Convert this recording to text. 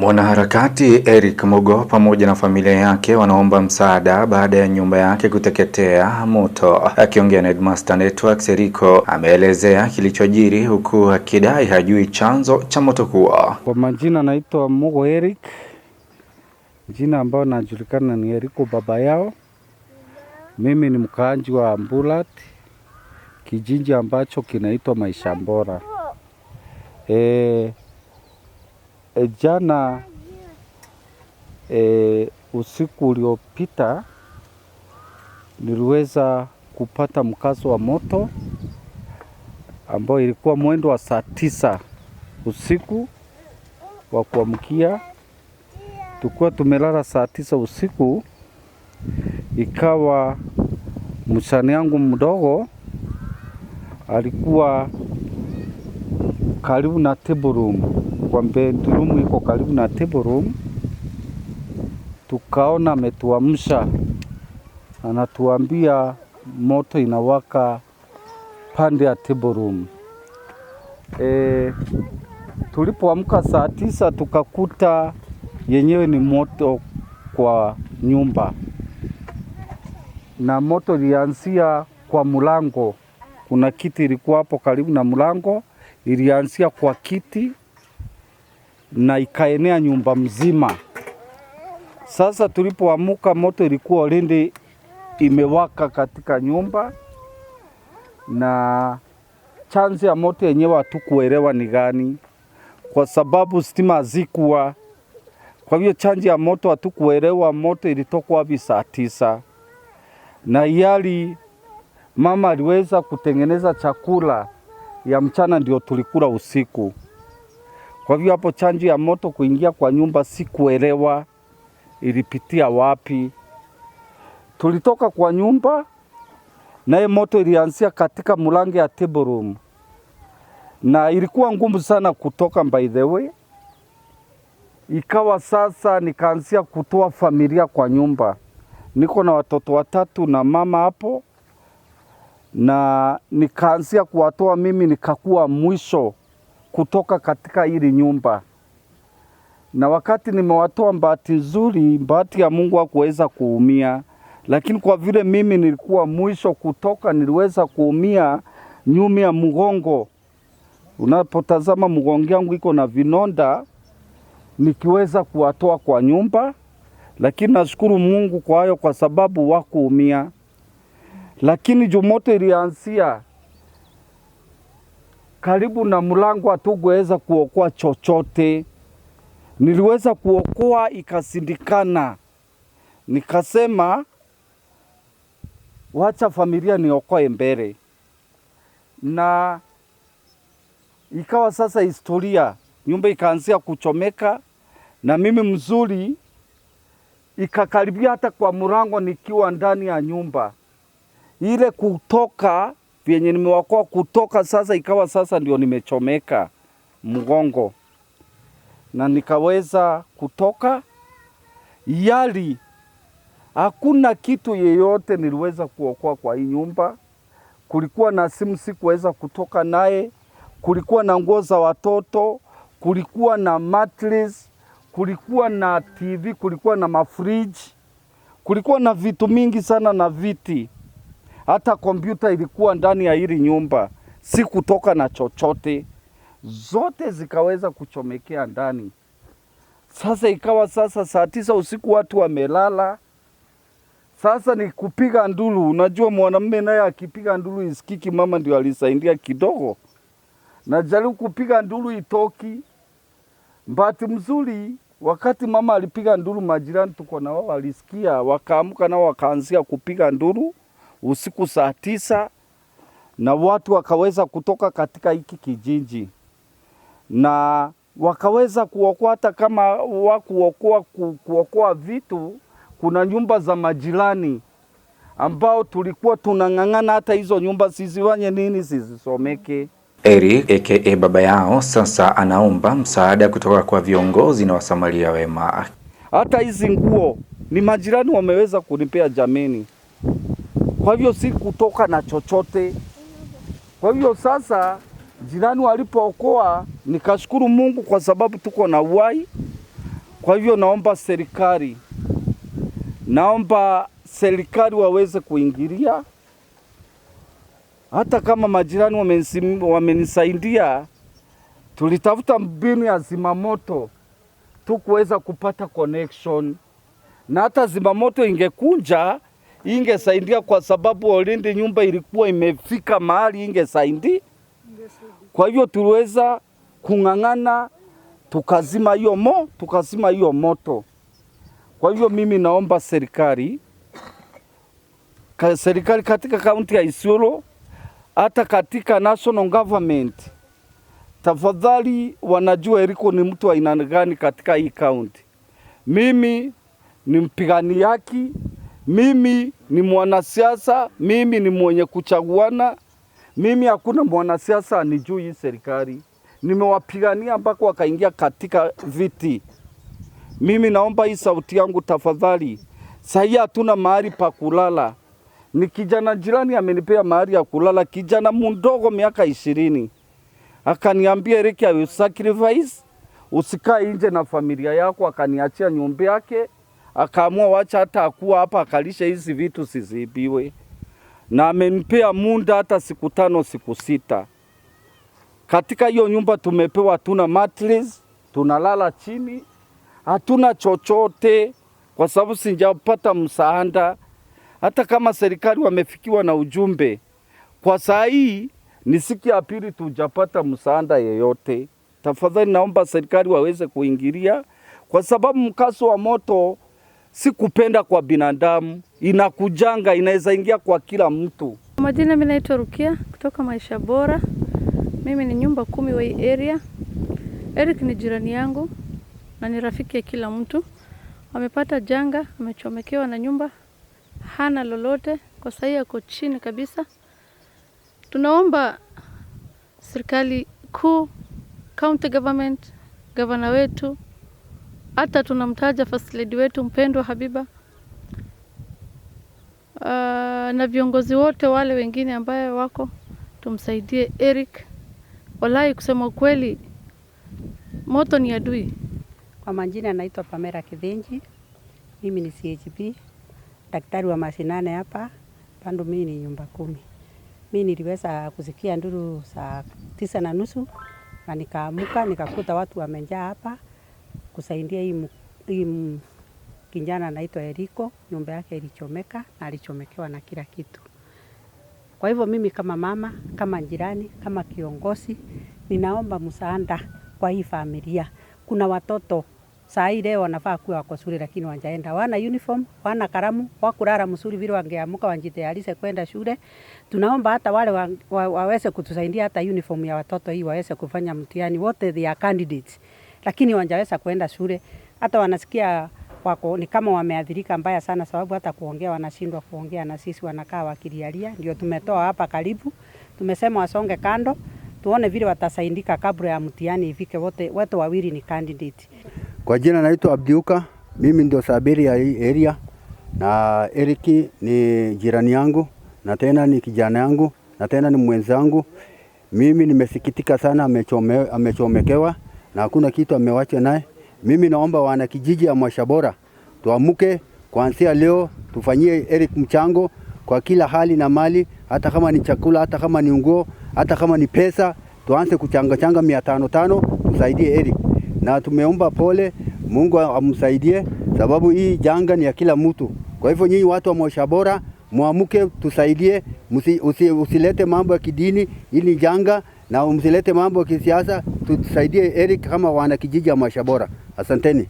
Mwanaharakati Eric Mugo pamoja na familia yake wanaomba msaada baada ya nyumba yake kuteketea moto. Akiongea na Edmaster Network, Eriko ameelezea kilichojiri huku akidai hajui chanzo cha moto huo. Kwa majina anaitwa Mugo Eric, jina ambayo najulikana ni Eriko baba yao. Mimi ni mkaaji wa Mbulat, kijiji ambacho kinaitwa Maisha Bora. Eh, E, jana e, usiku uliopita niliweza kupata mkazo wa moto ambao ilikuwa mwendo wa saa tisa usiku wa kuamkia, tukuwa tumelala saa tisa usiku, ikawa mshani yangu mdogo alikuwa karibu na table room, kwa bedroom iko karibu na table room. Tukaona ametuamsha, anatuambia moto inawaka pande ya table room. E, tulipoamka saa tisa tukakuta yenyewe ni moto kwa nyumba, na moto ilianzia kwa mlango. Kuna kiti ilikuwa hapo karibu na mlango ilianzia kwa kiti na ikaenea nyumba mzima. Sasa tulipoamuka, moto ilikuwa lindi imewaka katika nyumba, na chanzi ya moto yenyewe hatukuelewa ni gani, kwa sababu stima hazikuwa. Kwa hiyo chanzi ya moto hatukuelewa moto ilitoka wapi saa tisa, na yali mama aliweza kutengeneza chakula ya mchana ndio tulikula usiku. Kwa hivyo hapo chanjo ya moto kuingia kwa nyumba sikuelewa ilipitia wapi. Tulitoka kwa nyumba naye moto ilianzia katika mlango ya table room, na ilikuwa ngumu sana kutoka, by the way. Ikawa sasa nikaanzia kutoa familia kwa nyumba, niko na watoto watatu na mama hapo na nikaanzia kuwatoa mimi, nikakuwa mwisho kutoka katika hili nyumba. Na wakati nimewatoa, bahati nzuri, bahati ya Mungu hakuweza kuumia, lakini kwa vile mimi nilikuwa mwisho kutoka, niliweza kuumia nyuma ya mgongo. Unapotazama mgongo wangu iko na vinonda, nikiweza kuwatoa kwa nyumba, lakini nashukuru Mungu kwa hayo, kwa sababu wakuumia lakini jumoto ilianzia karibu na mlango, hatukuweza kuokoa chochote. Niliweza kuokoa ikasindikana, nikasema wacha familia niokoe mbele, na ikawa sasa historia. Nyumba ikaanzia kuchomeka na mimi mzuri, ikakaribia hata kwa mlango nikiwa ndani ya nyumba ile kutoka vyenye nimewakoa kutoka sasa, ikawa sasa ndio nimechomeka mgongo na nikaweza kutoka yali. Hakuna kitu yeyote niliweza kuokoa kwa hii nyumba. Kulikuwa na simu sikuweza kutoka naye, kulikuwa na nguo za watoto, kulikuwa na mattress, kulikuwa na TV, kulikuwa na mafriji, kulikuwa na vitu mingi sana na viti hata kompyuta ilikuwa ndani ya hili nyumba, si kutoka na chochote, zote zikaweza kuchomekea ndani. Sasa ikawa sasa saa tisa usiku watu wamelala, sasa ni kupiga nduru. Unajua mwanamume naye akipiga nduru isikiki, mama ndio alisaidia kidogo, najaribu kupiga nduru itoki. Bahati mzuri wakati mama alipiga nduru, majirani tuko na wao walisikia, wakaamka nao wakaanzia kupiga nduru usiku saa tisa na watu wakaweza kutoka katika hiki kijiji na wakaweza kuokoa hata kama wakuokoa kuokoa vitu, kuna nyumba za majirani ambao tulikuwa tunang'ang'ana hata hizo nyumba sizifanye nini, zisisomeke. Eric aka baba yao sasa anaomba msaada kutoka kwa viongozi na wasamaria wema. Hata hizi nguo ni majirani wameweza kunipea jameni. Kwa hivyo si kutoka na chochote. Kwa hivyo sasa, jirani walipookoa, nikashukuru Mungu kwa sababu tuko na uhai. Kwa hivyo naomba serikali, naomba serikali waweze kuingilia, hata kama majirani wamenisaidia. Tulitafuta mbinu ya zimamoto tukuweza kupata connection, na hata zimamoto ingekunja ingesaidia kwa sababu already nyumba ilikuwa imefika mahali ingesaidia. Kwa hiyo tuliweza kung'ang'ana, tukazima hiyo mo, tukazima hiyo moto. Kwa hivyo mimi naomba serikali serikali katika kaunti ya Isiolo hata katika national government, tafadhali, wanajua iliko ni mtu wa aina gani katika hii kaunti. Mimi ni mpigani yaki mimi ni mwanasiasa, mimi ni mwenye kuchaguana. Mimi hakuna mwanasiasa juu hii serikali, nimewapigania mpaka wakaingia katika viti. Mimi naomba hii sauti yangu tafadhali, hii hatuna mahali pa kulala. Ni kijana jirani amenipea mahali ya kulala, kijana mdogo miaka ishirini, akaniambia Eric, you sacrifice usikae nje na familia yako, akaniachia nyumba yake akaamua wacha hata akuwa hapa akalisha hizi vitu siziibiwe, na amempea muda hata siku tano siku sita. Katika hiyo nyumba tumepewa, hatuna mattress, tunalala chini, hatuna chochote kwa sababu sijapata msaada. Hata kama serikali wamefikiwa na ujumbe, kwa saa hii ni siku ya pili tujapata msaada yeyote. Tafadhali naomba serikali waweze kuingilia, kwa sababu mkaso wa moto si kupenda kwa binadamu, inakujanga inaweza ingia kwa kila mtu. Majina, mimi naitwa Rukia kutoka Maisha Bora. Mimi ni nyumba kumi wa area. Eric ni jirani yangu na ni rafiki ya kila mtu. Amepata janga, amechomekewa na nyumba, hana lolote kwa sasa, yako chini kabisa. Tunaomba serikali kuu, county government, gavana wetu hata tunamtaja first lady wetu mpendwa Habiba uh, na viongozi wote wale wengine ambaye wako tumsaidie Eric. Walai, kusema kweli, moto ni adui. Kwa majina anaitwa Pamela Kithinji, mimi ni CHP daktari wa mashinane hapa Pandu. Mimi ni nyumba kumi. Mimi niliweza kusikia nduru saa tisa na nusu na nikakuta watu wamejaa hapa kusaidia hii, kijana anaitwa Eriko, nyumba yake ilichomeka na alichomekewa na kila kitu. Kwa hivyo mimi kama mama, kama jirani, kama kiongozi, ninaomba msaada kwa hii familia. Kuna watoto saa hii leo wanafaa kuwa wako shule lakini wanjaenda, wana uniform, wana kalamu, wakulala msuri vile wangeamuka wanjitayarishe kwenda shule. Tunaomba hata wale wa, wa, waweze kutusaidia hata uniform ya watoto hii waweze kufanya mtihani wote, the candidates lakini wanjaweza kuenda shule, hata wanasikia wako ni kama wameathirika mbaya sana, sababu hata kuongea wanashindwa kuongea na sisi, wanakaa wakilialia. Ndio tumetoa hapa karibu, tumesema wasonge kando, tuone vile watasaidika kabla ya mtihani ifike. Wote wote wawili ni candidate. Kwa jina naitwa Abduka, mimi ndio sabiri ya hii area, na Eriki ni jirani yangu na tena ni kijana yangu na tena ni mwenzangu. Mimi nimesikitika sana, amechomekewa na hakuna kitu amewachwa naye. Mimi naomba kijiji ya Mwashabora tuamuke kuanzia leo, tufanyie Eric mchango kwa kila hali na mali, hata kama ni chakula, hata kama ni nguo, hata kama ni pesa, tuanze kuchangachanga mia tano tano tusaidie Eric, na tumeomba pole, Mungu amsaidie, sababu hii janga ni ya kila mtu. Kwa hivyo nyinyi watu wa Mwashabora muamuke, tusaidie, usilete usi, usi mambo ya kidini, hili janga na msilete mambo ya kisiasa, tusaidie Eric kama wana kijiji ya Maisha Bora. Asanteni.